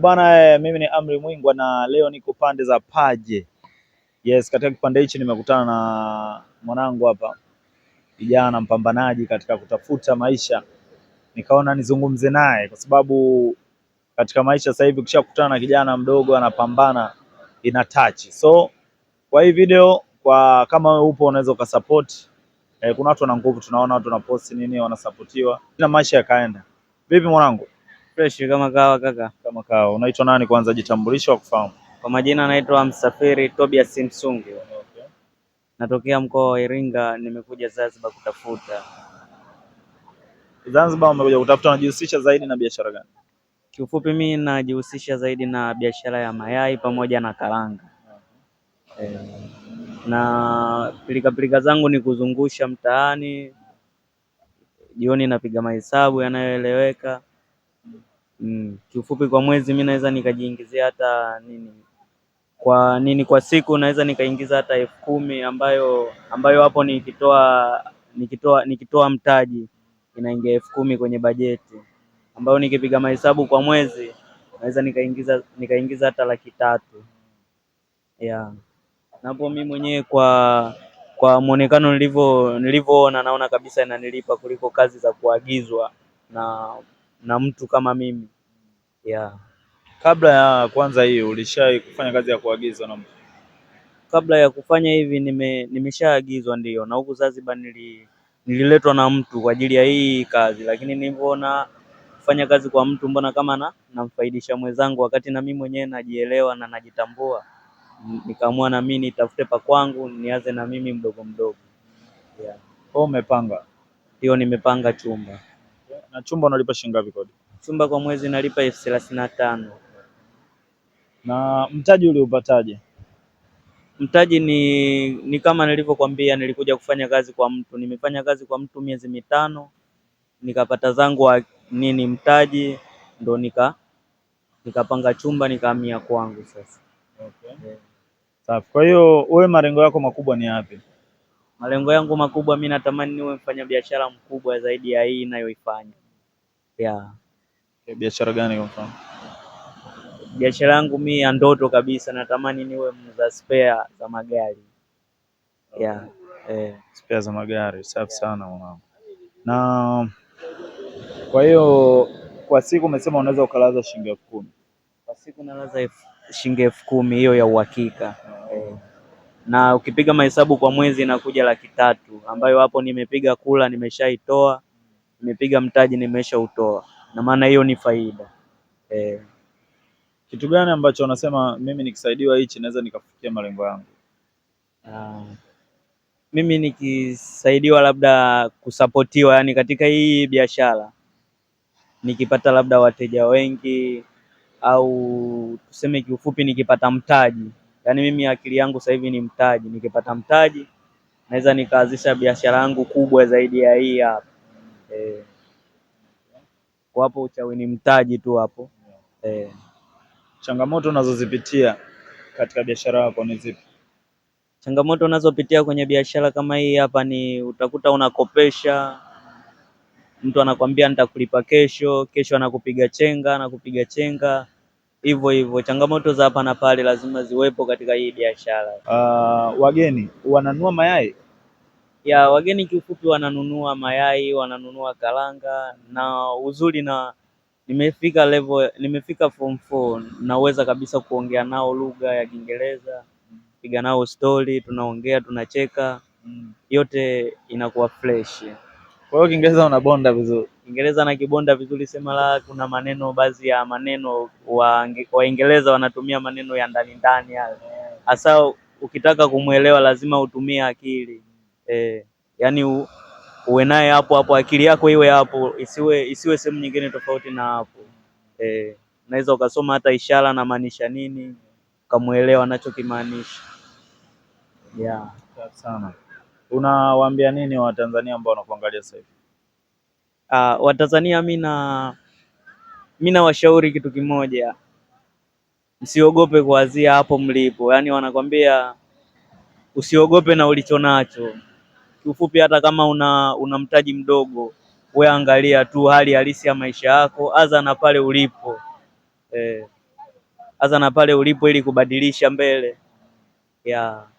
Bwana, mimi ni Amri Mwingwa na leo niko pande za Paje. Yes, katika kipande hichi nimekutana na mwanangu hapa, kijana mpambanaji katika kutafuta maisha, nikaona nizungumze naye kwa sababu katika maisha sasa hivi ukishakutana na kijana mdogo anapambana ina touch. So kwa hii video, kwa kama wewe upo unaweza ukasupport eh, kuna watu wana nguvu, tunaona watu wanaposti nini, wanasupportiwa na maisha yakaenda. Vipi mwanangu? Fresh kama kawa kaka. Kama kawa. Unaitwa nani kwanza, jitambulisho wa kufahamu? Kwa majina naitwa Msafiri Tobias Msungi. Okay. Natokea mkoa wa Iringa, nimekuja Zanzibar kutafuta. Zanzibar umekuja kutafuta, unajihusisha zaidi na biashara gani? Kiufupi mimi najihusisha zaidi na biashara ya mayai pamoja na karanga. Okay. Eh, na pilika pilika zangu ni kuzungusha mtaani, jioni napiga mahesabu yanayoeleweka. Mm, kiufupi kwa mwezi mi naweza nikajiingizia hata nini kwa nini kwa siku naweza nikaingiza hata elfu kumi ambayo ambayo hapo nikitoa nikitoa nikitoa mtaji inaingia elfu kumi kwenye bajeti ambayo nikipiga mahesabu kwa mwezi naweza nikaingiza nikaingiza hata laki tatu yeah. Napo mi mwenyewe kwa kwa mwonekano nilivyo nilivyoona naona kabisa inanilipa kuliko kazi za kuagizwa na na mtu kama mimi. Yeah. Kabla ya kwanza hii ulishai kufanya kazi ya kuagizwa na mtu? Kabla ya kufanya hivi nime, nimeshaagizwa ndio, na huku Zanzibar nili, nililetwa na mtu kwa ajili ya hii kazi, lakini nilivyoona kufanya kazi kwa mtu mbona kama na namfaidisha mwenzangu wakati na mimi mwenyewe najielewa na najitambua, nikaamua na mimi nitafute pa kwangu nianze na mimi mdogo mdogo. Yeah. Kwa umepanga? Ndio, nimepanga chumba. Na chumba unalipa shilingi ngapi kodi? chumba kwa mwezi nalipa elfu thelathini na tano. Na mtaji uliupataje? Mtaji ni, ni kama nilivyokwambia, nilikuja kufanya kazi kwa mtu, nimefanya kazi kwa mtu miezi mitano, nikapata zangu wa nini mtaji, ndo nika nikapanga chumba nikahamia kwangu sasa. Okay. Yeah. Kwa hiyo wewe malengo yako makubwa ni yapi? Malengo yangu makubwa, mi natamani niwe mfanyabiashara mkubwa zaidi ya hii inayoifanya, yeah. Okay, eh, biashara gani kwa mfano? Biashara yangu mi ya ndoto kabisa, natamani niwe muuza spare za magari. Yeah. Eh. Spare za magari safi, yeah. Sana mwanangu. Na kwa hiyo kwa siku umesema unaweza ukalaza shilingi elfu kumi kwa siku? Nalaza shilingi elfu kumi hiyo ya uhakika eh. Na ukipiga mahesabu kwa mwezi inakuja laki tatu ambayo hapo nimepiga kula nimeshaitoa, nimepiga mtaji nimeshautoa na maana hiyo ni faida eh. Kitu gani ambacho unasema mimi nikisaidiwa hichi naweza nikafikia malengo yangu? Uh, mimi nikisaidiwa labda kusapotiwa, yani katika hii biashara nikipata labda wateja wengi au tuseme kiufupi, nikipata mtaji, yaani mimi akili yangu sasa hivi ni mtaji. Nikipata mtaji naweza nikaanzisha biashara yangu kubwa zaidi ya hii hapa eh kwa hapo uchawi ni mtaji tu hapo yeah. Eh. Changamoto unazozipitia katika biashara yako ni zipi? Changamoto unazopitia kwenye biashara kama hii hapa ni utakuta unakopesha mtu anakwambia nitakulipa kesho, kesho anakupiga chenga, anakupiga chenga hivyo hivyo. Changamoto za hapa na pale lazima ziwepo katika hii biashara. Uh, wageni wananua mayai ya wageni kiufupi wananunua mayai, wananunua karanga na uzuri na nimefika level, nimefika form 4 naweza kabisa kuongea nao lugha ya Kiingereza, piga nao stori, tunaongea tunacheka, yote inakuwa fresh. Kwa hiyo Kiingereza unabonda vizuri? Kiingereza na kibonda vizuri, sema la, kuna maneno baadhi ya maneno Waingereza wa wanatumia maneno ya ndani ndani, hasa ukitaka kumwelewa lazima utumie akili eh, yani uwe naye hapo hapo, akili yako iwe hapo, isiwe isiwe sehemu nyingine tofauti na hapo eh, unaweza ukasoma hata ishara na maanisha nini, ukamwelewa anachokimaanisha yeah. Sana. Unawaambia nini Watanzania ambao wanakuangalia sasa hivi? Uh, Watanzania mi na mi nawashauri kitu kimoja, msiogope kuanzia hapo mlipo, yaani wanakwambia usiogope na ulicho nacho Kiufupi, hata kama una, una mtaji mdogo, wewe angalia tu hali halisi ya maisha yako, aza na pale ulipo eh, aza na pale ulipo ili kubadilisha mbele yeah.